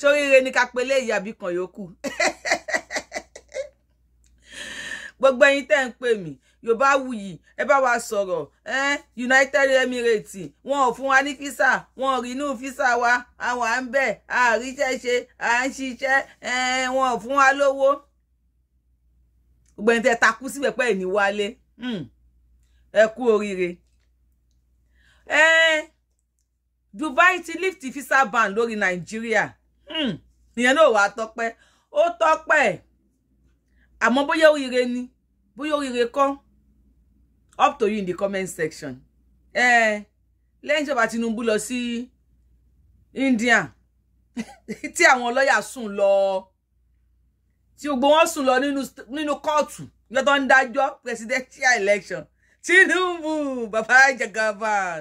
ṣoríire ni ká pe léyìí àbí kan yòókù gbogbo ẹ̀yin tẹ́ ń pè mí yorùbá wuyì ẹ bá wa sọ̀rọ̀ eh? united emirates wọn ò fún wa ní físà wọn ò rí inú físà wa àwọn à ń bẹ̀ àríṣẹ́ ṣe à ń ṣiṣẹ́ wọn ò fún wa lówó gbogbo ẹ̀yin tẹ́ takú sí pẹ̀pẹ́ ìní wálé hmm, ẹ kú oríire. Dubai ti lift físà ban lórí nàìjíríà Hmm. ìyẹn náà wàá tọpẹ́ ó tọpẹ́ àmọ́ bóyá oríire ni bóyá oríire kọ́ up to you in the comment section lẹ́yìn ìjọba Tinubu lọ sí India tí àwọn lọ́ọ̀yà sùn lọ tí gbogbo wọn sùn lọ nínú kóòtù yọ tó ń dájọ́ presidential election Tinubu bàbá Jagaban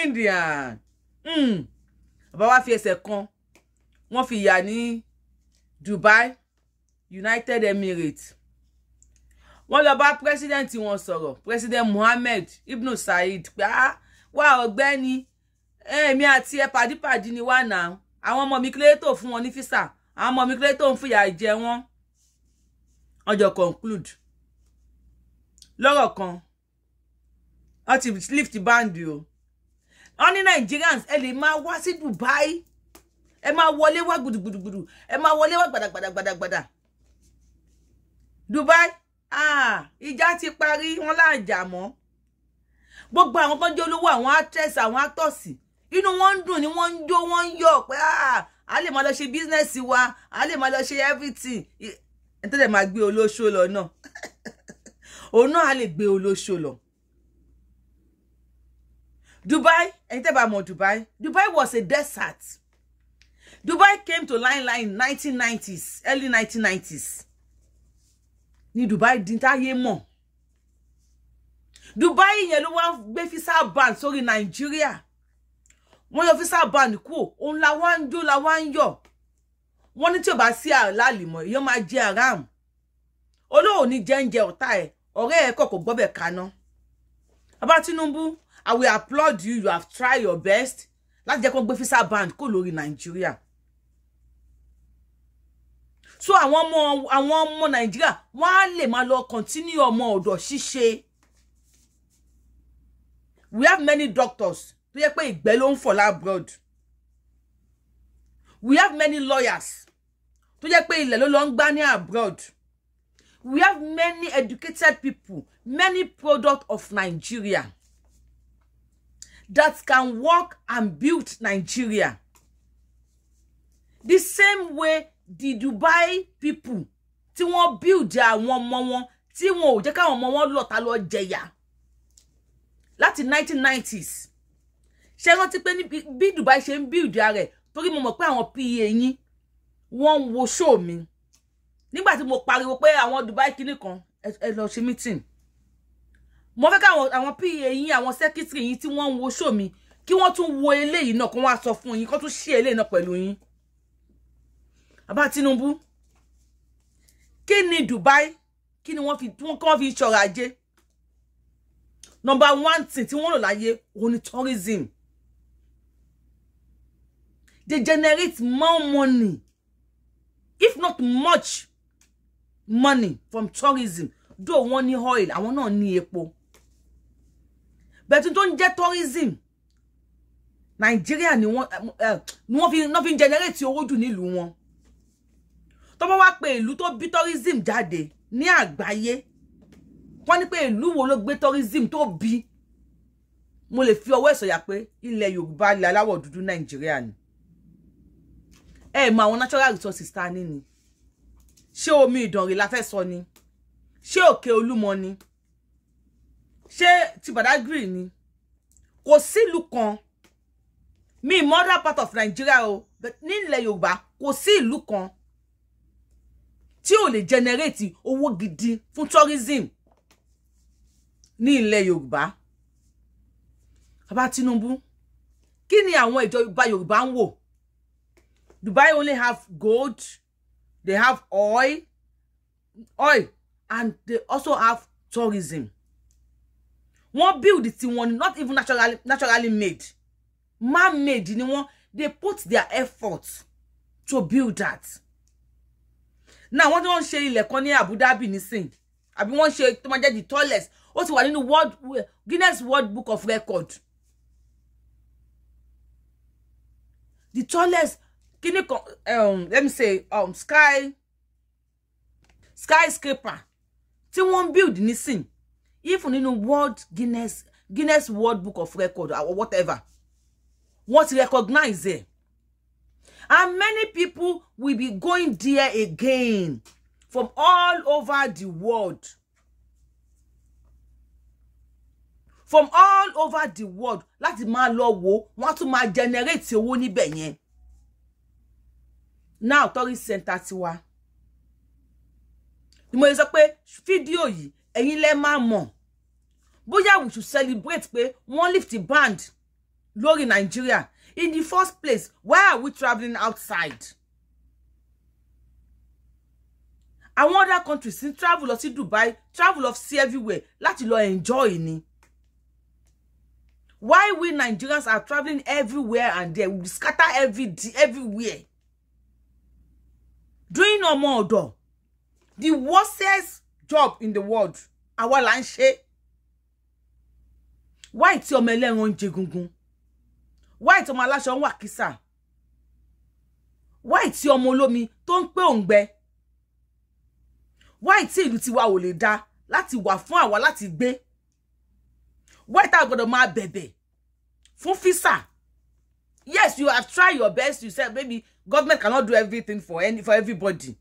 India hmm. bàbá wa fi ẹsẹ̀ kan wọ́n fi yà ní Dubai United Emirates wọ́n lọ bá president wọn sọ̀rọ̀ president Mohammed Ibn Said pé ah wà ọ̀gbẹ́ni eh, èmi àti ẹ pàdípàdí ni wà náà àwọn ọmọ mi kílẹ̀ tó fún wọn ní físà àwọn ọmọ mi kílẹ̀ tó ń fìyà jẹ wọ́n ọjọ́ conclude lọ́rọ̀ kan wọ́n ti lift band o wọ́n ní Nigerians ẹ lè máa wá sí Dubai ẹ máa wọlé wá gbùdùgbùdùgbùdù ẹ máa wọlé wá gbàdàgbàdàgbàdà Dubai ah ìjà ti parí wọn láàjà mọ́ gbogbo àwọn kan jẹ́ olówó àwọn actress àwọn actors inú wọn ń dùn ni wọ́n ń jó wọ́n ń yọ̀ pé ah a lè máa lọ ṣe bísínẹ́sì wa a lè máa lọ ṣe everything ẹ tẹ́lẹ̀ máa gbé olóṣó lọ náà òun náà a lè gbé olóṣó lọ. Dubai ẹni tẹ́ bá mọ̀ Dubai Dubai was a desert Dubai came to limelight in 1990s, early 1990s. Ní Dubai dín táyé mọ̀. Dubai yẹn ló wá gbé visa ban sórí Nàìjíríà. Wọ́n yọ visa ban kúrò, òun la wá ń jó la wá ń yọ̀. Wọ́n ní tí ò bá sí àlálìmọ̀, èèyàn máa jẹ àràm. Olóòwò ní jẹ́ńjẹ ọ̀tá ẹ̀, ọ̀rẹ́ ẹ̀ kọ̀kọ̀ gbọ́bẹ̀ kaná. Bàbá Tinubu, I will applaud you, you have tried your best láti jẹ́ kó gbé visa ban kúrò lórí Nàìjíríà so àwọn ọmọ àwọn ọmọ nàìjíríà wọn á lè máa lọ continue ọmọ ọ̀dọ̀ ṣíṣe we have many doctors tó yẹ pé ìgbẹ́ ló ń fọ̀ lábroad we have many lawyers tó yẹ pé ilẹ̀ ló lọ ń gbá ní abroad we have many educated people many product of Nigeria that can work and build Nigeria the same way the Dubai people tí wọ́n build àwọn ọmọ wọn tí wọn ò jẹ́ káwọn ọmọ wọn lọ́ta lọ jẹyà láti 1990s ṣé rántí pé bí Dubai ṣe ń build rẹ̀ torí mo mọ̀ pé àwọn pa yín wọ́n ń wo show mi nígbà tí mo pariwo pé àwọn Dubai kinní kan ẹ lọ ṣe meeting mo fẹ́ káwọn àwọn pa yín àwọn secretary yín tí wọ́n ń wo show mi kí wọ́n tún wo eléyìí náà kó wá sọ fún yín kó tún ṣe eléyìí náà pẹ̀lú yín bàbá Tinubu kí ni Dubai kí ni wọ́n fi wọ́n fi ṣọ̀rọ̀ ajé number one thing tí wọ́n lò láyé òun ni tourism they generate more money if not much money from tourism though wọ́n ní oil àwọn náà ní epo But tó ń jẹ́ tourism nàìjíríà eh, ni wọ́n fi ń generate owó jù nílùú wọn tó bá wá pé ìlú tó bí tourism jáde ní àgbáyé wọ́n ní pé ìlú wo ló gbé tourism tó bí mo lè fi ọwọ́ ìsọ̀yà pé ilẹ̀ Yorùbá ilẹ̀ aláwọ̀ dúdú Nàìjíríà ni ẹ mọ àwọn natural resources ta ní ni ṣé omi Ìdànrè la fẹ́ sọ ni ṣé òkè Olúmọ ni ṣé ti Badagry ni kò sílùú kan mi in part of Nigeria o nílẹ̀ Yorùbá kò sí ìlú kan tí ò lè generate owó gidi fún tourism ní ilẹ̀ Yorùbá bàbá Tinubu kí ni àwọn ìjọba Yorùbá ń wò Dubai only have gold they have oil oil and they also have tourism wọ́n build tiwọn ni not even naturally, naturally made man made ni wọ́n they put their effort to build that. Now náà wọ́n tí wọ́n ń ṣe ilẹ̀ kan ní Abu Dhabi nísìn àbí wọ́n ṣe tó máa jẹ́ the tallest ó ti wà nínú world Guinness World Book of Record the tallest Can you um, let me say um, sky skyscraper tí wọ́n build nísìn if nínú world Guinness Guinness World Book of Record or whatever wọ́n ti recognize it. And many people will be going there again from all over the world. From all over the world láti máa lọ wo wọ́n tún máa generate owó níbẹ̀ yẹn. Now tourist center tiwa. Ni mo sọ pé fídíò yìí ẹ̀yin lẹ máa mọ̀. Bóyá we should celebrate pé wọ́n lift the band lórí Nàìjíríà. In the first place, why are we traveling outside? Àwọn other countries ń travel lọ sí Dubai, travel of sí everywhere láti lọ enjoy ni. Why we Nigerians are traveling everywhere and there, we scatter every everywhere. Doing ọmọ ọ̀dọ̀, the worstest job in the world, àwa là ń ṣe. Why tí ọmọ ẹlẹ́ran ń jẹ gungun? white ọmọ aláṣọ ń wà kísà white ọmọ olómi tó ń pé òǹgbẹ white ìlú tiwa ò lè da láti wà fún àwa láti gbé white àgbọ́dọ̀ máa bẹ̀bẹ̀ fún físà yes you have tried your best you said maybe government cannot do everything for any for everybody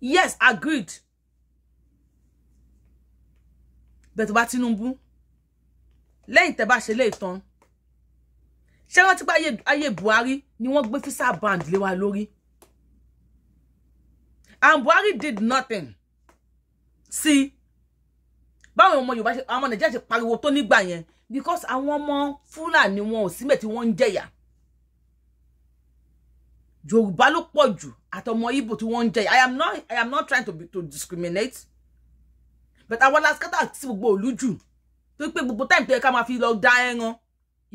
yes agreed bẹ̀tùbá Tinubu lẹ́yìn tẹ́ bá ṣe lé ìtàn ṣé rántí pé ayé Buhari ni wọ́n gbé fisa band lé wa lórí and Buhari did nothing sí báwọn ọmọ Yorùbá ṣe àwọn Nàìjíríà ṣe pariwo tó nígbà yẹn because àwọn ọmọ Fúlàní wọn ò síbẹ̀ tí wọ́n ń jẹ̀yà Yorùbá ló pọ̀ jù àtọmọ Ìgbò tí wọ́n ń jẹ̀yà I am not I am not trying to be, to discriminate but àwọn laskata àti gbogbo òlú jù tó pé gbogbo time tó yẹ ká máa fi lọ da ẹran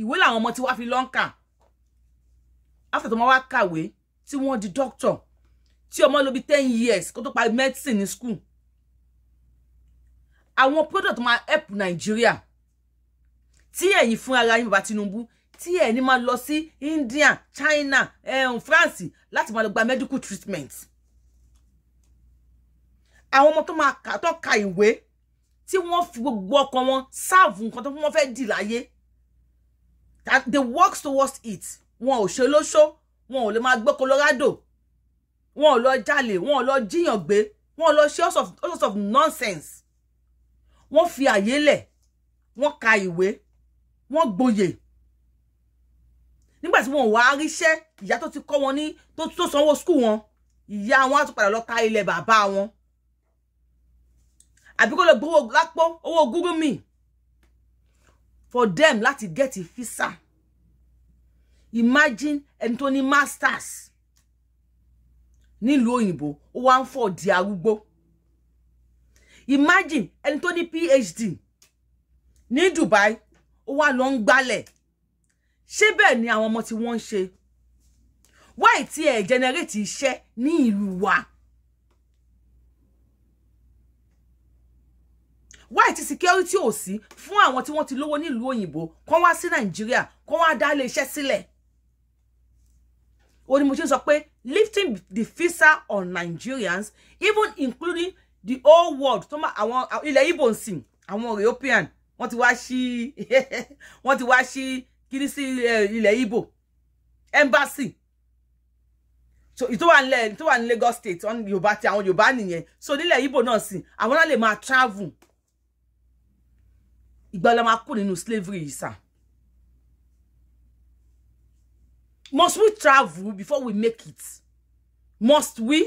ìwé làwọn ọmọ tí wàá fi lọ ń kà after tó máa wá kàwé tí wọ́n di doctor tí ọmọ lò bí ten years kó tó parí medicine ní school àwọn product máa help Nigeria tí ẹ̀yin fún ara yín bàbá Tinubu tí ẹ̀ máa lọ sí India China um, France láti máa lọ gba medical treatment àwọn ọmọ tó máa kà tó ka ìwé tí wọ́n fi gbogbo ọkàn wọn sáàfù nǹkan tó wọ́n fẹ́ dì láyé that they work towards it wọn ò ṣe lóṣó wọn ò lè máa gbé colorado wọn ò lọ jalè wọn ò lọ jíyàn gbé wọn ò lọ ṣe of, all sorts of nonsense wọn fi àyè lẹ̀ wọn ka ìwé wọn gboyè nígbà tí wọn wá ríṣẹ́ ìyá to ti kọ́ wọn ní tó to sanwó skul wọn ìyá wọn á tún padà lọ ta ilẹ̀ bàbá wọn àbí kó lọ gbowó lápò owó gúrúmì for them láti get a visa imagine Anthony masters nílùú òyìnbó ó wá ń fọ di arúgbó imagine Anthony phd ní dubai ó wá lọ ń gbálẹ̀ ṣé ni àwọn ọmọ tí wọ́n ń ṣe wáì tí generate iṣẹ́ ní ìlú wa. why ti security ò sí fún àwọn tí wọ́n ti lówó nílùú òyìnbó kán wá sí nàìjíríà kán wá dá ilé iṣẹ́ sílẹ̀ ó ní mo ṣe sọ pé lifting the visa on Nigerians even including the whole world tó máa àwọn ilẹ̀ Igbo ń sìn àwọn European wọ́n ti wá sí wọ́n ti wá sí kiri sí ilẹ̀ Igbo embassy so ìtò wà nílẹ̀ ìtò wà ní Lagos state Yorùbá ti àwọn Yorùbá nìyẹn so nílẹ̀ Igbo náà sìn àwọn náà lè máa travel ìgbà ọlọ́mọ akú nínú slavery sa. must we travel before we make it must we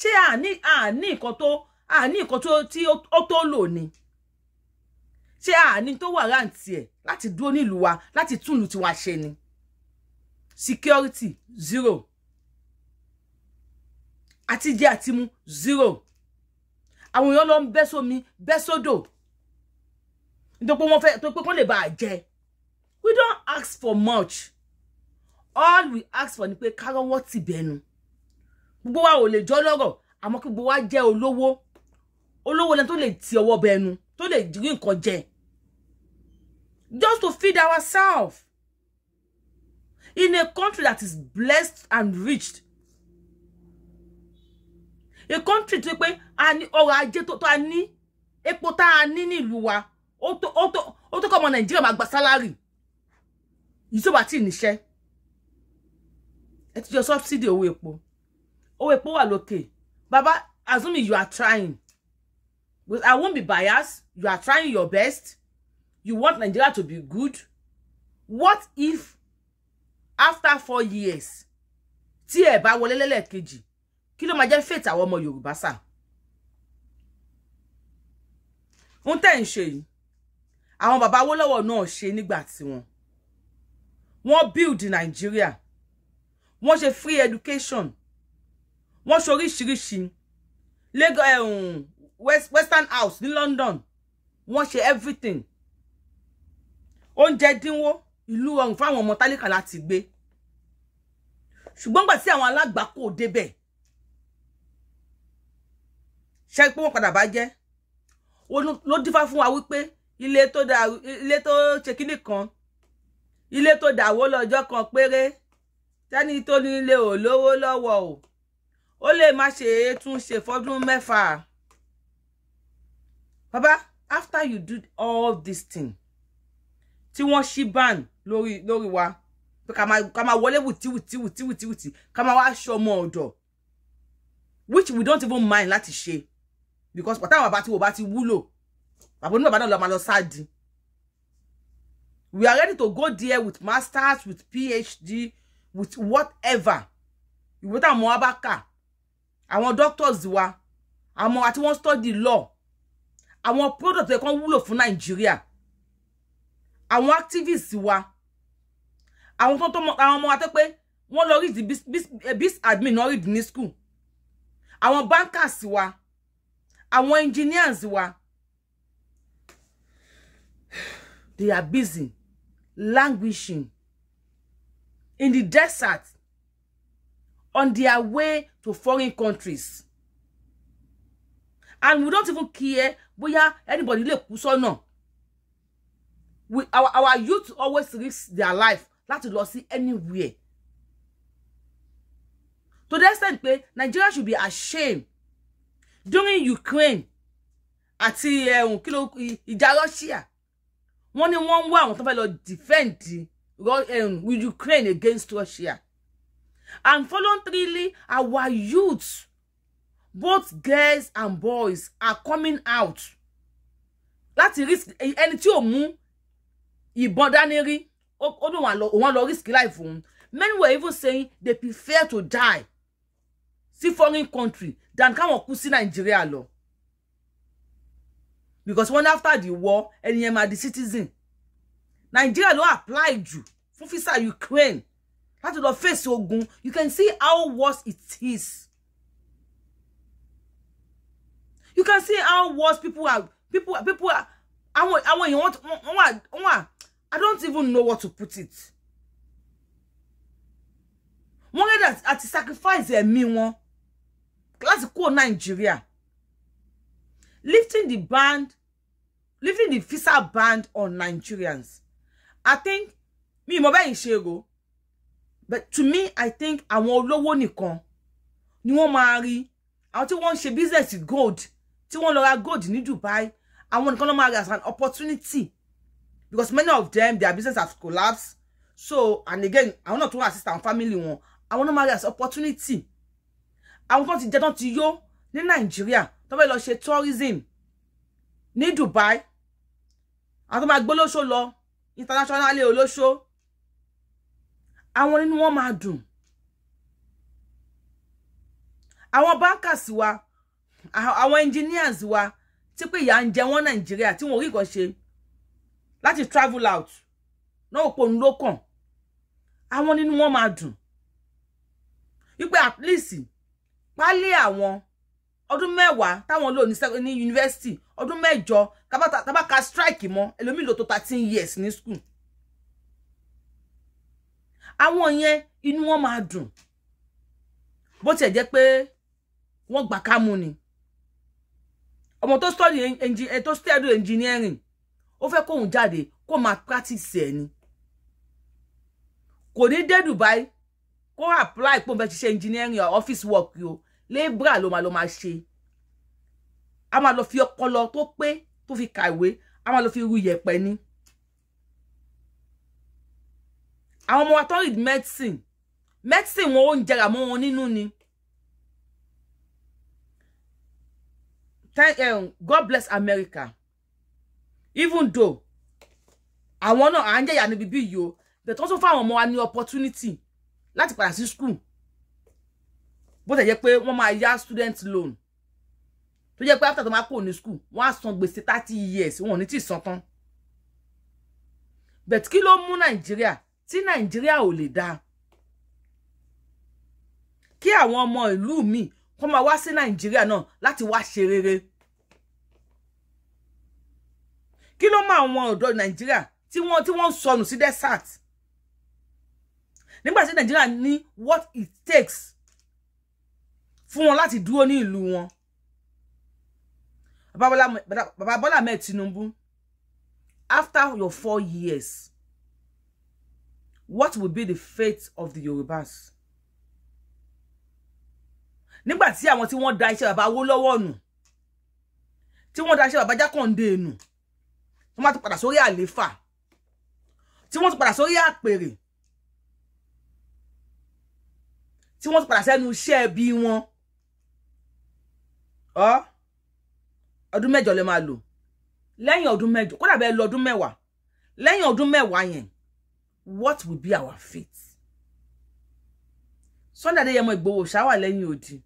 ṣé a ni a ni koto a ni koto ti tó lò ni ṣé àní tó wà ráǹtì Lati do ni nílùú Lati láti túnlù tiwa ṣe ni security zero Ati àtijẹ àtimu zero àwọn èèyàn lọ ń bẹ́ sómi bẹ́ sódò. So nítorí pé wọ́n fẹ́ tó pé kán lè bá a jẹ we don't ask for much all we ask for ni pé kárọ́wọ́ ti bẹ̀nu gbogbo wa ò lè jọ lọ́rọ̀ àmọ́ kí gbogbo wa jẹ́ olówó olówó lẹ́nu tó lè ti ọwọ́ bẹ̀nu tó lè rí nǹkan jẹ just to feed ourselves in a country that is blessed and rich a country tó pé a ní ọrọ̀ ajé tó a ní epo tá a ní nílùú wa ó tó ó tó ó tó kọ́ ọmọ nàìjíríà máa gba sálárì yìí tó bá tí ì níṣẹ́ ẹ ti jọ subsidy owó epo owó epo wà lókè baba assume you are trying but i won't be biased you are trying your best you want nigeria to be good what if after four years tí ba bá wọlé lẹ́lẹ́kejì kí ló feta jẹ́ fate àwọn ọmọ yorùbá àwọn bàbá Awólọ́wọ̀ náà ṣe nígbà tiwọn wọ́n build Nigeria. wọ́n ṣe free education wọ́n ṣe oríṣiríṣi Lagos um, West, Western House ní London wọ́n ṣe everything oúnjẹ dínwó ìlú ọrùn fáwọn ọmọ tálíkà láti gbé ṣùgbọ́n gbà tí àwọn alágbà kò débẹ̀ ṣe pé wọ́n padà bá jẹ́ ló dífá fún wa wípé ilé tó dà ilé tó ṣe kínní kan ilé tó dàwó lọ́jọ́ kan péré tẹ́ni tó ní ilé ò lówó lọ́wọ́ o ó lè má ṣe é tún ṣe fọ́dún mẹ́fà baba after you do all this thing tí wọ́n ṣí ban lórí lórí wa pé ká máa wọlé wùtíwùtíwùtíwùtíwùtí ká máa wá aṣọ ọmọ ọ̀dọ̀ which we don't even mind láti ṣe because pàtàwọn àbá tí wò bá ti wúlò bàbá oníbàbá náà lọ máa lọ sáàdì we are ready to go there with masters with phd with whatever You táwọn ọmọ wa bá kà àwọn doctors wa àwọn àti wọn study law àwọn product ẹ̀ kan wúlò fún nàìjíríà àwọn activists wa I want tó àwọn ọmọ wa tó pé wọ́n lọ read bis admin náà read school. I want bankers wa want engineers wa They are busy, languishing in the desert on their way to foreign countries. And we don't even care whether anybody lè kú sọ́nà. We, our, our youth always risk their life láti lọ sí anywhere. To the extent pé Nigeria should be ashamed during Ukraine àti ẹ̀hún um, kí ló ìjà Russia wọ́n ní wọ́n ń wá àwọn tó fẹ́ lọ defend um, with Ukraine against Russia and voluntarily our youths, both girls and boys are coming out láti risk ẹni tí ò mú ìbọn dání rí ó dùn wọn lọ risk life òun many were even saying they prefer to die sí foreign country than káwọn kú sí Nàìjíríà lọ because one after the war ẹni yẹn máa di citizen Nigeria ló apply jù fún visa Ukraine láti lọ fèsì ogun you can see how worse it is you can see how worse people are people people are I want, I want you want, wà I don't even know what to put it wọ́n rẹ́dà àti sacrifice ẹ̀mí wọn láti kúrò Nigeria lifting the ban lifting the visa ban on Nigerians I think mi mo bẹ́ẹ̀ ṣe but to me I think àwọn olówó nìkan ni wọ́n máa rí àwọn tí wọ́n ń ṣe business gold tí wọ́n lọ ra gold ní Dubai àwọn nìkan ló máa rí as an opportunity because many of them their business has collapsed so and again àwọn náà tún wà assist our family wọn àwọn náà máa rí as opportunity àwọn kan ti jẹ tán ti yó ní Nigeria tó fẹ́ lọ ṣe tourism ní Dubai àwọn tó máa gbólóṣó lọ internationally olóṣó àwọn nínú wọn máa dùn àwọn bankers wa àwọn engineers wa tí pé ìyà ń jẹ wọn Nàìjíríà tí wọn ò rí nǹkan ṣe láti travel out náà òpó òun ló kàn àwọn nínú wọn máa dùn wípé at least pálí àwọn ọdún mẹ́wàá táwọn lò ní yunifásitì ọdún mẹ́jọ tabaka strike mọ́ ẹlòmíì lò tó thirteen years ní school àwọn yẹn inú wọn máa dùn bó tiẹ̀ jẹ́ pé wọ́n gbà kámú ni ọmọ tó study eh, tó study engineering ó fẹ́ kóun jáde kó máa practice ẹ̀ ni kò ní dé Dubai kó apply kó n fẹ́ ṣiṣẹ́ engineering or office work yìí o lébra ló máa lọ máa ṣe a máa lọ fi ọpọlọ tó pé tó fi kàwé a máa lọ fi ru yẹ̀pẹ̀ ni àwọn ọmọ wa tó read medicine medicine wọn ò ń jẹrà mọ́ wọn nínú ni Thank, um, God bless America even though àwọn náà à ń jẹ̀yà níbi bí yìí o but wọ́n tún fún àwọn ọmọ wa ní opportunity láti padà sí school bó tẹ̀ jẹ́ pé wọ́n máa yá student loan tó jẹ́ pé after tó máa kúrò ní school wọ́n á san gbèsè thirty years wọn ò ní tí ì san tán bẹ̀t kí ló mú nàìjíríà tí nàìjíríà ò lè dáa kí àwọn ọmọ ìlú mi kó máa wá sí nàìjíríà náà láti wá ṣe rere kí ló mú àwọn ọ̀dọ́ nàìjíríà tí wọ́n tí wọ́n sọnù sí desert nígbà tí nàìjíríà ní what it takes fún wọn láti dúró ní ìlú wọn bàbá Bọ́lá Ahmed Tinubu after your four years what will be the fate of the Yorubas nígbà tí àwọn tí wọ́n da iṣẹ́ bàbá Awólọ́wọ̀ nù tí wọ́n da iṣẹ́ bàbá Jákàndé nù wọ́n máa tún padà sórí àléfà tí wọ́n tún padà sórí àpèrè tí wọ́n tún padà sẹ́nu iṣẹ́ ẹbí wọn ọ ọdún mẹ́jọ lè máa lò lẹ́yìn ọdún mẹ́jọ kódà bẹ́ẹ̀ lọ ọdún mẹ́wàá lẹ́yìn ọdún mẹ́wàá yẹn what will be our fate Sunday Adéyẹmọ Ìgbòho ṣáwà lẹ́yìn odi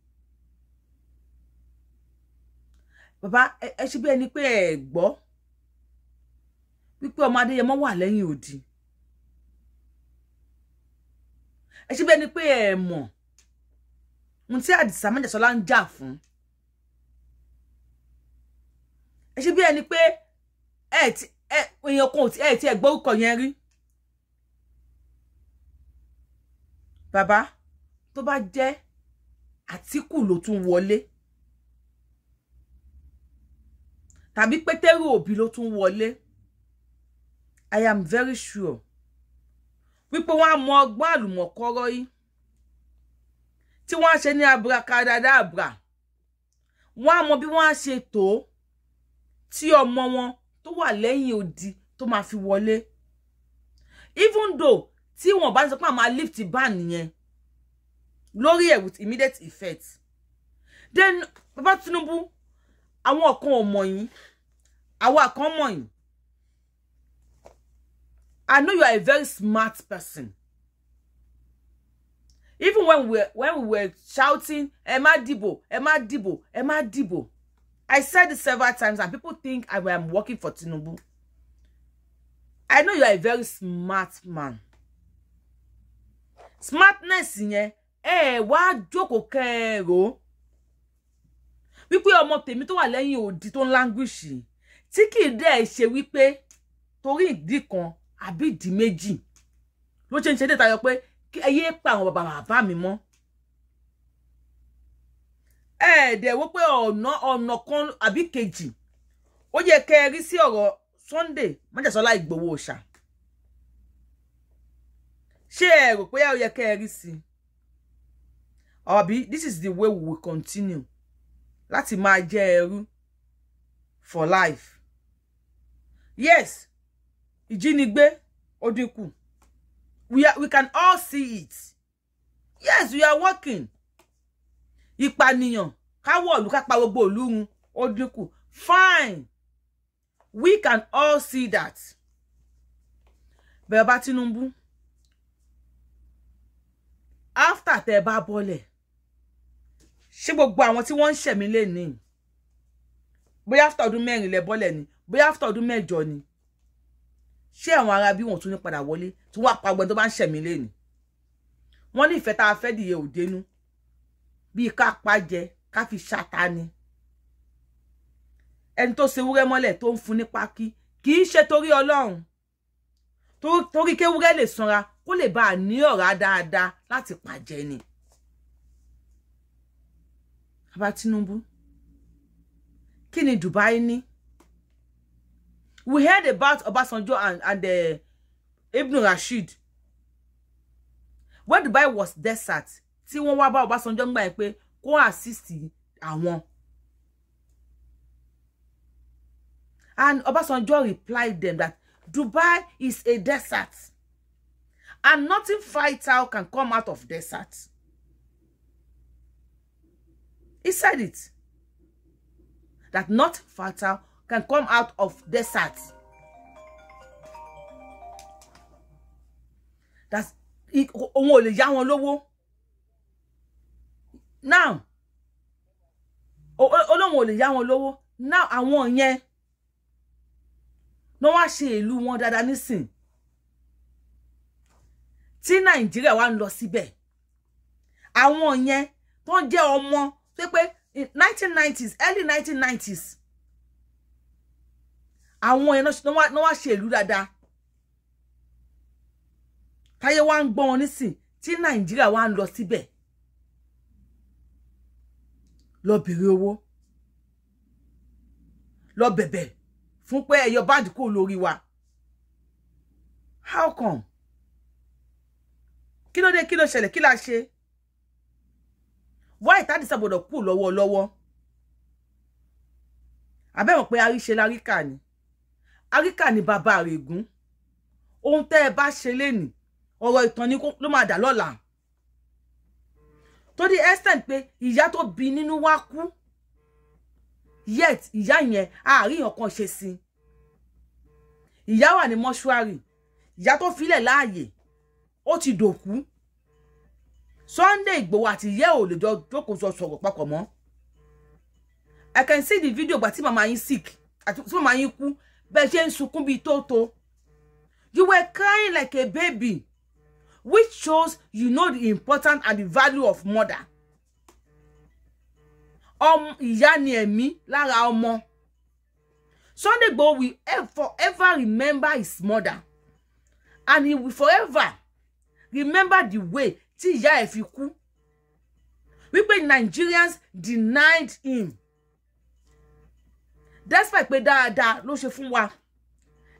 bàbá ẹ ṣe bí ẹni pé ẹ gbọ́ wípé ọmọ Adéyẹmọ wà lẹ́yìn odi ẹ ṣe bí ẹni pé ẹ mọ̀ ohun tí Àdìsá Májàsọ́lá ń jà fún ṣe bí ẹni pé ẹ ti ẹ èèyàn kan ti ẹ ti ẹ gbọ́ orúkọ yẹn rí bàbá tó bá jẹ́ Àtíkù ló tún wọlé tàbí Pétérù Òbí ló tún wọlé I am very sure wípé wọ́n á mọ ọgbọ́n àlùmọ̀kọ́rọ́ yìí tí wọ́n á ṣe ní abrakadada abra wọ́n á mọ bí wọ́n á ṣe tó tí ọmọ wọn tó wà lẹ́yìn odi tó máa fi wọlé even though tí wọn bá ń sọ pé àwọn lift ban yẹn lórí ẹ̀ with immediate effect then bàbá Tinubu àwọn ọ̀kan ò mọ̀ yín àwa kan mọ̀ yín I know you are a very smart person even when we were, when we were shouting ẹ má dìbò ẹ má dìbò ẹ má dìbò I said it several times, and people think I am working for Tinubu. I know you are a very smart man. Smartness yẹn, eh? wá jókòó kẹ́ẹ̀rọ. Wípé ọmọ tèmi tó wà lẹ́yìn odi tó ń languish tí kì í dẹ̀ ṣe wípé torí ìdí kan àbí ìdí méjì ló ṣe ń ṣe dé tayọ pé ẹ pa àwọn bàbá mi mọ́ ẹ̀ẹ́dẹ̀ wó pé ọ̀nà ọ̀nà kan àbí kejì ó yẹ kẹ́ ẹ rí sí ọ̀rọ̀ Sunday májàsọ́lá Ìgbòho ọ̀ṣà ṣé ẹ rò pé ó yẹ kẹ́ ẹ rí sí àbí this is the way we will continue láti máa jẹ́ ẹrú for life yes ìjínigbé ó dínkù we, are, we can all see it yes we are working ìpànìyàn káwọ̀ ìlú ká pa gbogbo ìlú run ó dínkù fine we can all see that bẹ́ẹ̀ bá Tinubu after tẹ́ bá bọ́lẹ̀ ṣé gbogbo àwọn tí wọ́n ń ṣẹ̀mí lè ní bóyá after ọdún mẹ́rin lẹ bọ́lẹ̀ ni bóyá after ọdún mẹ́jọ ni ṣé àwọn ará bí wọn tún ní padà wọlé tí wọ́n apagbọn tó bá ń ṣẹ̀mí lè ní wọ́n ní ìfẹ́ tá a fẹ́ dìye òdenu bíi ká pàjẹ ká fi ṣata ni ẹni tó ṣe wúrẹ́ mọ́lẹ̀ tó ń fún ní pákí kì í ṣe torí ọlọ́run torí kéwúrẹ́ lè sanra kó lè bá a ní ọ̀rá dáadáa láti pàjẹ ni bàbá Tinubu kí ni Dubai ní we heard about Obasanjo and, and uh, Ibn Rashid when Dubai was desert tí wọ́n wá bá Ọbásanjọ́ ń gbà yẹn pé assist àwọn. And Obasanjo replied them that Dubai is a desert and nothing vital can come out of desert. He said it. That not vital can come out of desert. That òun ò lè yá wọn lówó now olóhùn ò lè yá wọn lówó now àwọn yẹn ló wá ṣe ìlú wọn dáadáa nísìn tí nàìjíríà wá ń lọ síbẹ̀ àwọn yẹn tó jẹ́ ọmọ tó in 1990s, early 1990s. àwọn yẹn ló wá ṣe ìlú dáadáa táyé wá ń gbọ́ wọn nísìn tí nàìjíríà wá ń lọ síbẹ̀. Si lọ bèrè owó lọ bẹ̀bẹ̀ fún pé ẹyọ báńdì kò lórí wa how come kí ló dé kí ló ṣẹlẹ̀ kí la ṣe why tá àdìsàbọ̀dọ̀ kù lọ́wọ́ lọ́wọ́ àbẹ̀wọ̀n pé àríṣe láríkà ni àríkà ni bàbá rẹ̀ gún ohun tẹ́ ẹ bá ṣe lénìí ọ̀rọ̀ ìtàn ni ló máa dà lọ́la tó di extent pé ìyá tó bí nínú wá kú yet ìyá yẹn àárín ọ̀kan ṣe sí ìyá wà ní mọ́ṣúárì ìyá tó filẹ̀ láàyè ó ti dòkú Sunday Igboho àti ìyá ò lè jọ jókòó sọ sọ̀rọ̀ papọ̀ I can see the video gba tí màmá yín sick àti tí màmá yín kú bẹ́ẹ̀ ṣe ń sunkún bíi tóótó you were crying like a baby which shows you know the importance and the value of mother ọmọ ìyá ni ẹ̀mí lára ọmọ Sunday Igboho will forever remember his mother and he will forever remember the way tí ìyá ẹ̀ fi kú wípé Nigerians denied him despite pé dáadáa ló ṣe fún wa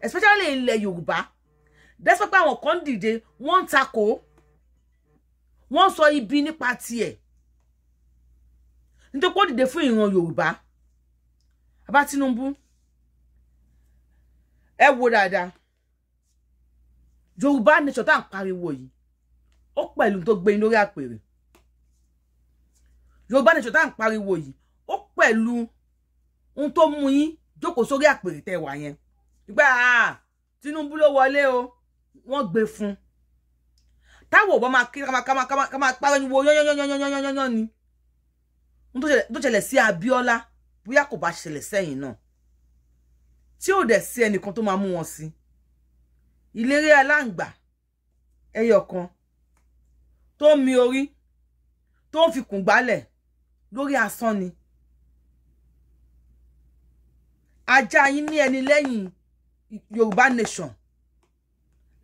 especially ilẹ̀ Yorùbá despite pé àwọn kan dìde wọ́n ń takò wọ́n sọ ibi nípa tiẹ̀ nítorí kó dìde fún ìran Yorùbá abá Tinubu ẹ wo dáadáa Yorùbá nation tá à ń pariwo yìí ó pẹ̀lú tó gbé yín lórí àpèrè Yorùbá nation tá à ń pariwo yìí ó pẹ̀lú ohun tó mú yín jókòó sórí àpèrè tẹwàá yẹn ìgbà Tinubu ló wọlé o wọ́n gbé fún táwọn ò bá máa kí kama kama kama ẹni wo yányányányányányányán ni tó ṣẹlẹ̀ sí Abíọ́lá bóyá kò bá ṣẹlẹ̀ sẹ́yìn náà tí ò dẹ̀ sí ẹnìkan tó máa mú wọn sí ìlérí aláǹgbà ẹyọ kan tó ń mi orí tó ń fi kùn gbálẹ̀ lórí asán ni ajá yín ní ẹni lẹ́yìn Yorùbá nation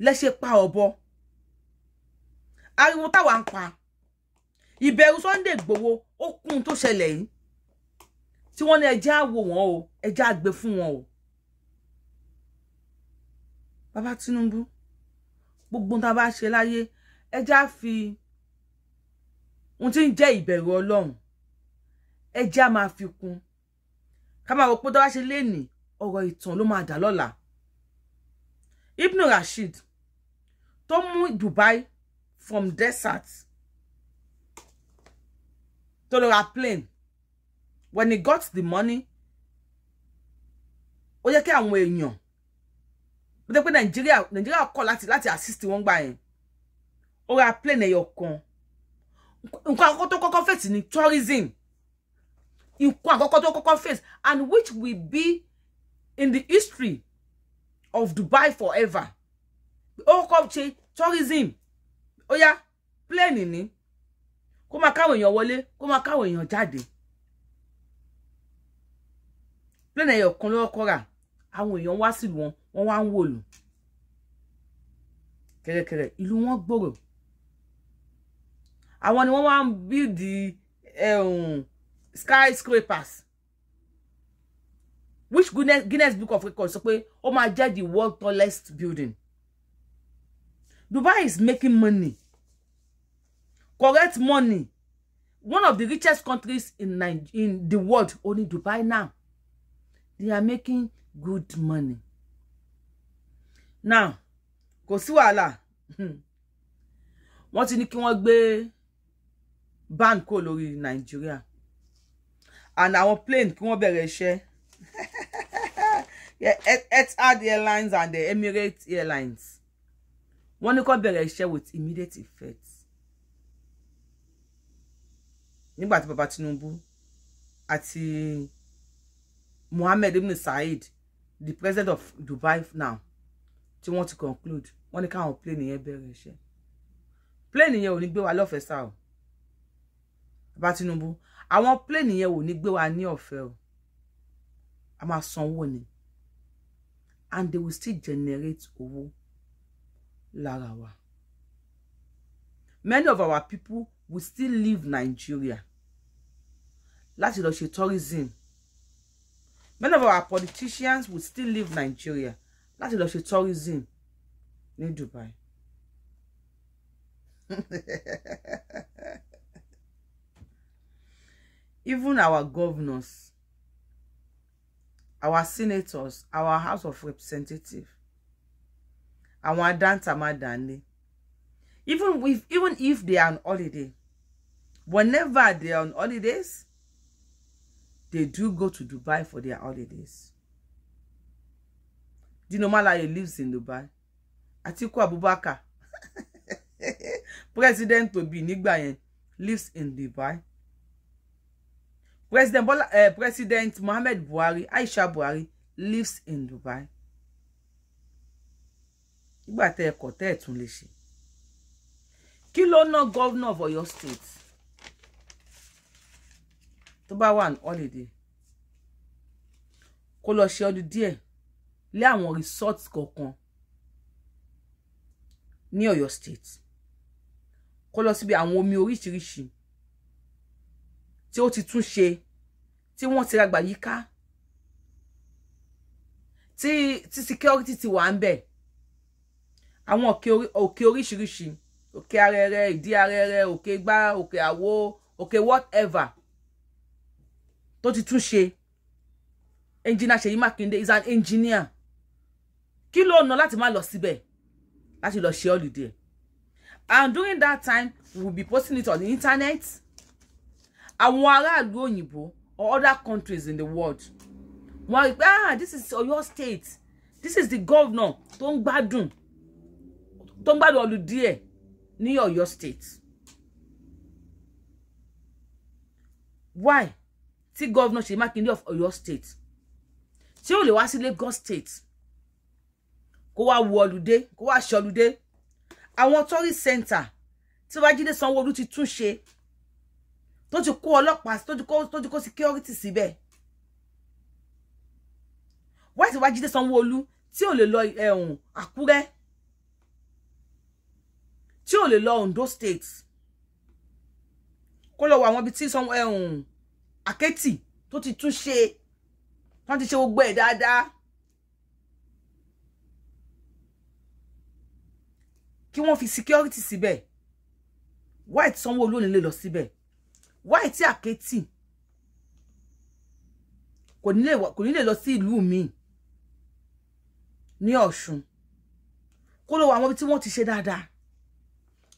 lẹ́ṣẹ̀ pa ọ̀bọ ariwo táwa ń pa ìbẹ̀rù Sunday Igboho ó kún tó ṣẹlẹ̀ yìí tí wọ́n ní ẹjẹ́ àwò wọn o ẹjẹ́ àgbẹ̀ fún wọn o bàbá Tinubu gbogbo tá a bá ṣe láyé ẹjẹ́ á fi ohun tí ń jẹ́ ìbẹ̀rù Ọlọ́run ẹjẹ́ á máa fi kún ká máa rò pé tó bá ṣe léènì ọ̀rọ̀ ìtàn ló máa dà lọ́la. Ibn Rashid tó mú Dubai from desert to lọ ra plane when he got the money ó yẹ kí àwọn èèyàn bó tẹ́ pé Nàìjíríà Nàìjíríà kọ̀ láti láti assist wọn gbà yẹn ó ra plane ẹyọ kan nǹkan àkọ́kọ́ tó kọ́kọ́ fèsì ni tourism nǹkan àkọ́kọ́ tó kọ́kọ́ fèsì and which will be in the history of Dubai forever ó come ṣe tourism ó yá plane ní come máa káwọn èèyàn wọlé kó máa káwọn èèyàn jáde plane your kan lọ́wọ́ kọ́ra àwọn èèyàn wá one wọn wọ́n wá ń wòlù kẹ̀rẹ̀kẹ̀rẹ̀ ìlú wọn gbòòrò àwọn ni wọ́n wá ń um, skyscrapers which Guinness, Guinness Book of Records sọ pé ó máa jẹ́ the world tallest building Dubai is making money correct money one of the richest countries in Niger in the world only Dubai now they are making good money now kò sí wàhálà wọ́n ti ní kí wọ́n gbé ban kó lórí Nàìjíríà and àwọn plane kí wọ́n bẹ̀rẹ̀ iṣẹ́ yeah, Etihad Airlines and the Emirates Airlines wọ́n ní kó bẹ̀rẹ̀ share with immediate effect nígbà tí baba Tinubu àti Mohammed ibn Said the president of Dubai now tí want to conclude wọ́n ní káwọn plane yẹn bẹ̀rẹ̀ iṣẹ́ plane yẹn ò ní gbé wa lọ́fẹ̀ẹ́ sá o baba Tinubu àwọn plane yẹn ò ní gbé wa ní ọ̀fẹ́ o a máa sanwó ni and they will still generate owó lára wa many of our people will still leave Nigeria láti lọ ṣe tourism many of our politicians will still leave Nigeria láti lọ ṣe tourism ní Dubai even our governors our senators our house of representatives àwọn adántàmádàní even if even if they are on holiday whenever they are on holidays they do go to Dubai for their holidays Dino Malaye lives in Dubai Atiku Abubakar president to be nígbà lives in Dubai President, Bola, uh, President Mohamed Buhari, Aisha Buhari, lives in Dubai. Ìgbà tẹ́ ẹ̀kọ́ tẹ́ ẹ̀ tún lè ṣe. Kí governor of your State? Tó bá wà ní holiday. Kó lọ ṣe ọdún díẹ̀ lé àwọn resort kọ̀ọ̀kan ní Oyo State. Kó lọ síbi àwọn omi oríṣiríṣi tí ó ti tún ṣe tí wọ́n ti ra gbà yíká tí tí security ti wà ń bẹ àwọn òkè oríṣiríṣi òkè arẹrẹ ìdí arẹrẹ òkè gbá òkè àwo òkè whatever tó ti tún ṣe engineer Ṣèyí Mákindé is an engineer kí ló ná láti má lọ síbẹ̀ láti lọ ṣe holiday and during that time we will be posting it on the internet àwọn aráàlú òyìnbó or other countries in the world wọ́n rí pé ah this is Ọ̀yọ́ state this is the governor tó ń gbádùn tó ń gbádùn olùdíẹ̀ ní Ọ̀yọ́ state why tí governor Ṣèyí Mákindé of Ọ̀yọ́ state tí ò lè wá sí Lagos state kó wá wo olùdé kó wá ṣọlùdé àwọn tourist center tí Babájídé Sanwó-Olú ti tún ṣe tó ti kó ọlọ́pàá tó ti kó tó security síbẹ̀ wáyé ti wá Jídé Sanwó-Olú tí ò lè lọ ẹ̀hún eh, Àkúrẹ́ tí ò lè lọ Ondo state kó lọ wọ àwọn ibi tí sanwó ẹ̀hún eh, Àkẹ́tì tó ti tún ṣe wọ́n ti ṣe gbogbo ẹ̀ dáadáa. kí wọ́n fi security síbẹ̀ white Sanwó-Olú ò ní lè lọ síbẹ̀ wáì tí àkẹ́tì kò ní lè lọ sí ìlú míì ní ọ̀ṣun kó lọ wọ àwọn ibi tí wọ́n ti ṣe dáadáa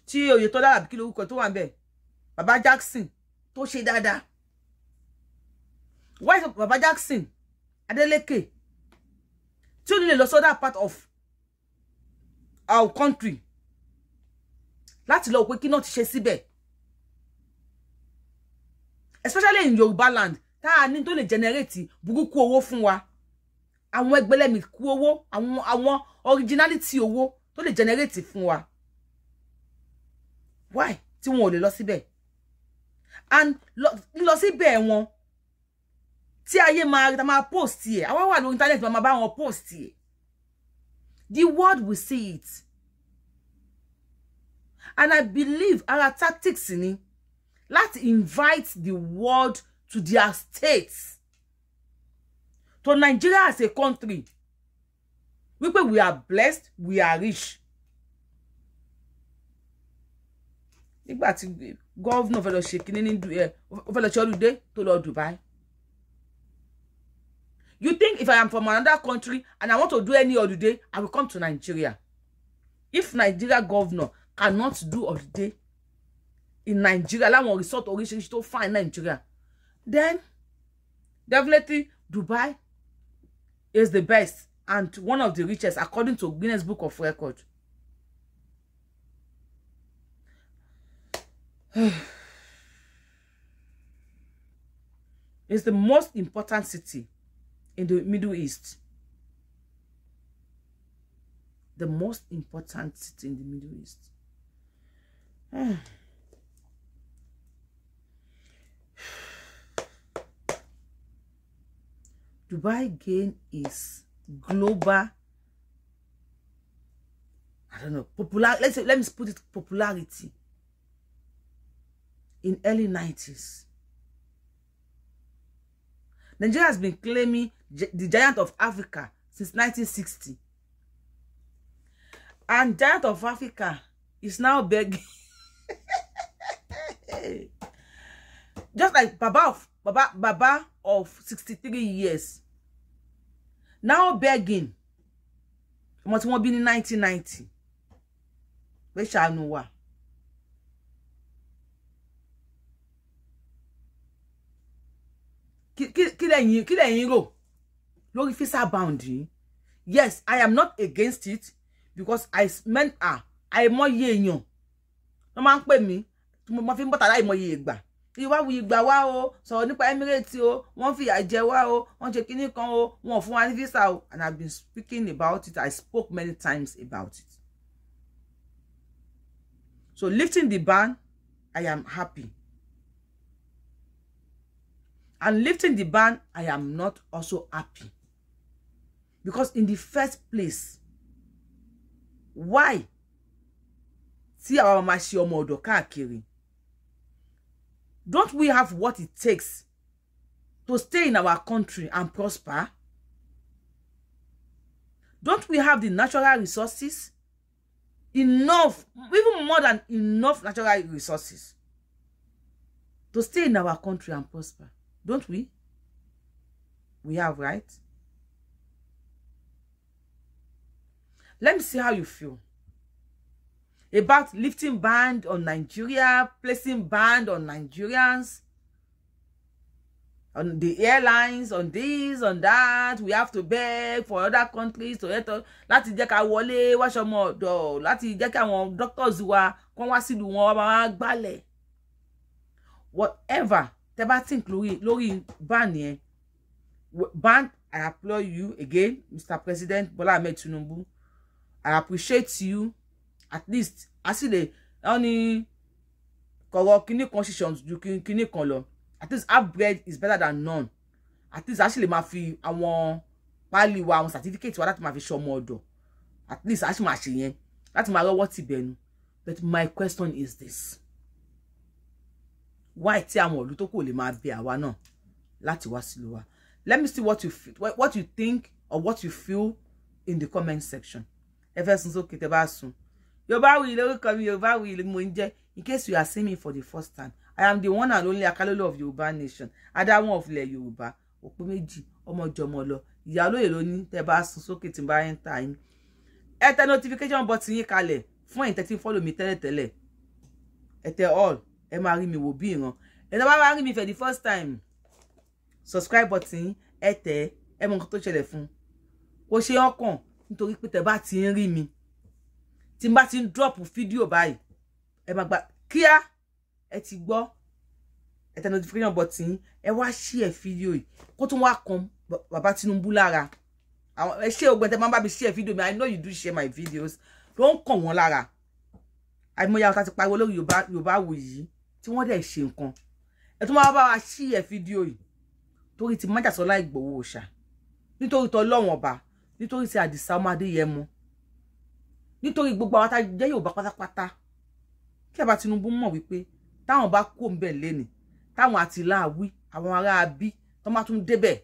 tí Oyètọ́lá àbí kí lórúkọ tó wà ń bẹ̀ baba Jackson tó ṣe dáadáa wáì baba Jackson Adeleke tí ó ní lè lọ sọ́dá part of our country láti lọ pé kí náà ti ṣe síbẹ̀ especially in Yorùbá land tá a ní tó lè generate burúkú owó fún wa àwọn ẹgbẹlẹmì kú owó àwọn àwọn originality owó to lè generate fún wa why tí wọn ò lè lọ síbẹ̀ and lọ síbẹ̀ wọn tí ayé máa ta máa post yẹ àwa wà lórí internet máa bá wọn post yẹ the world will see it and i believe our tactics ni láti invite the world to their states to Nigeria as a country wípé we are blessed we are rich nígbà tí gọ́vnà fẹ́ lọ ṣe kínní ní fẹ́ lọ ṣe olùdé tó lọ Dubai you think if I am from another country and I want to do any holiday I will come to Nigeria if Nigeria governor cannot do holiday in Nigeria láwọn resort oríṣiríṣi tó fine Nigeria then definitely Dubai is the best and one of the richest according to Guinness Book of Records. It's the most important city in the Middle East. The most important city in the Middle East. Dubai Gain is global. I don't know popular. Let's say, let me put it popularity in early nineties, Nigeria has been claiming the giant of Africa since nineteen sixty, And giant of Africa is now begging. just like baba of baba baba of 63 years now begging ọmọ tí wọ́n bí ní 1990 pé ṣàánú wa kí lẹ̀yin kí lẹ̀yin rò lórí visa bound yìí yes i am not against it because i meant ah I àìmọye èèyàn wọ́n máa ń pè mí mo fi ń bọ́ta láìmọye ìgbà ìwà wuyì gbà wá o sọ̀rọ̀ nípa Emirates o wọ́n fìyà jẹ wá o wọ́n ṣe kinní kan o wọ́n fún wa ní visa o and I've been speaking about it I spoke many times about it so lifting the ban I am happy and lifting the ban I am not also happy because in the first place why tí àwa máa ṣe ọmọ ọ̀dọ̀ káàkiri don't we have what it takes to stay in our country and prosper? Don't we have the natural resources? Enough, even more than enough natural resources to stay in our country and prosper. Don't we? We have, right? Let me see how you feel about lifting ban on Nigeria, placing ban on Nigerians, on the airlines, on this, on that. We have to beg for other countries to help us. Láti jẹ́ ká wọlé wáṣọ ọmọ ọ̀dọ̀, láti jẹ́ kí àwọn doctors wa kán wá sílùú wọn wá gbálẹ̀. Whatever, tẹ́ bá think lórí lórí ban yẹn. Ban, I applaud you again, Mr. President Bola Ahmed Tinubu. I appreciate you at least a sì lè wọ́n ní kọ̀rọ̀ kinní kan ṣiṣan ju kinní kan lọ at least half bread is better than none at least a sì lè máa fi àwọn páálí wa àwọn certificate wa láti máa fi ṣọmọ ọ̀dọ̀ at least a sì máa ṣe yẹn láti máa rọ́wọ́ ti bẹ̀nu but my question is this why tí àwọn òlu tó kù lè máa bẹ àwa náà láti wá sílùú wa let me see what you feel what you think or what you feel in the comment section ẹ fẹ́ sun sókè tẹ bá sun. Yorubawuyi will mi Yorubawuyi mo ń jẹ́ in case you are seeing me for the first time I am the one and only Akalolo of Yorùbá nation adáwọn ọ̀fìlẹ̀ Yorùbá òpin méjì ọmọ jọmọ lọ ìyá olóyè ló ní tẹ́ bá sùn sókè tí n notification button yín kalẹ̀ fún ẹ̀yin tẹ́ follow me tele tele. tẹ all ẹ máa mi wobi bí ìran ẹni ba wá rí mi for the first time subscribe button yín ẹ tẹ ẹ mọ nǹkan tó ṣẹlẹ̀ fún kò ṣe ti ń rí mi tí n bá ti video dọ́ọ̀pù fídíò báyìí ẹ máa gba kíá ẹ ti gbọ́ e tẹ notification button ẹ wá ṣí ẹ fídíò yìí kó tún wá kan bàbá Tinubu lára àwọn ẹ ṣe ògbẹ́ntẹ máa ń bá mi ṣí ẹ fídíò I know you do share my videos ló ń kàn wọ́n lára àìmọye àwọn tá ti pariwo lórí Yorùbá wò yìí tí wọ́n dẹ̀ ṣe nǹkan ẹ tún máa bá wa ṣí ẹ fídíò yìí torí ti májàsọ́lá Ìgbòho Nitori nítorí tọ́lọ́wọ̀n ọba nítorí ti Àdìsá ọmọ Adéyẹmọ nítorí gbogbo àwọn tá jẹ́ Yorùbá pátápátá kí ẹ̀bá Tinubu mọ̀ wípé táwọn bá kó ńbẹ̀ lẹ́nì táwọn àti láàwí àwọn ará bí tó má tún débẹ̀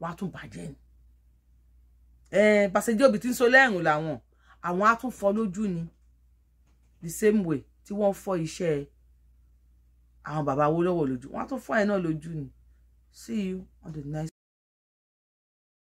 wọ́n á tún bàjẹ́ ni ẹ bàṣẹjẹ́ òbí tí ń so lẹ́rùn làwọn àwọn á tún fọ́ lójú ni the same way tí wọ́n fọ́ iṣẹ́ àwọn bàbá Awólọ́wọ̀ lójú wọ́n á tún fọ́ ẹ̀ náà lójú ni see you on the next.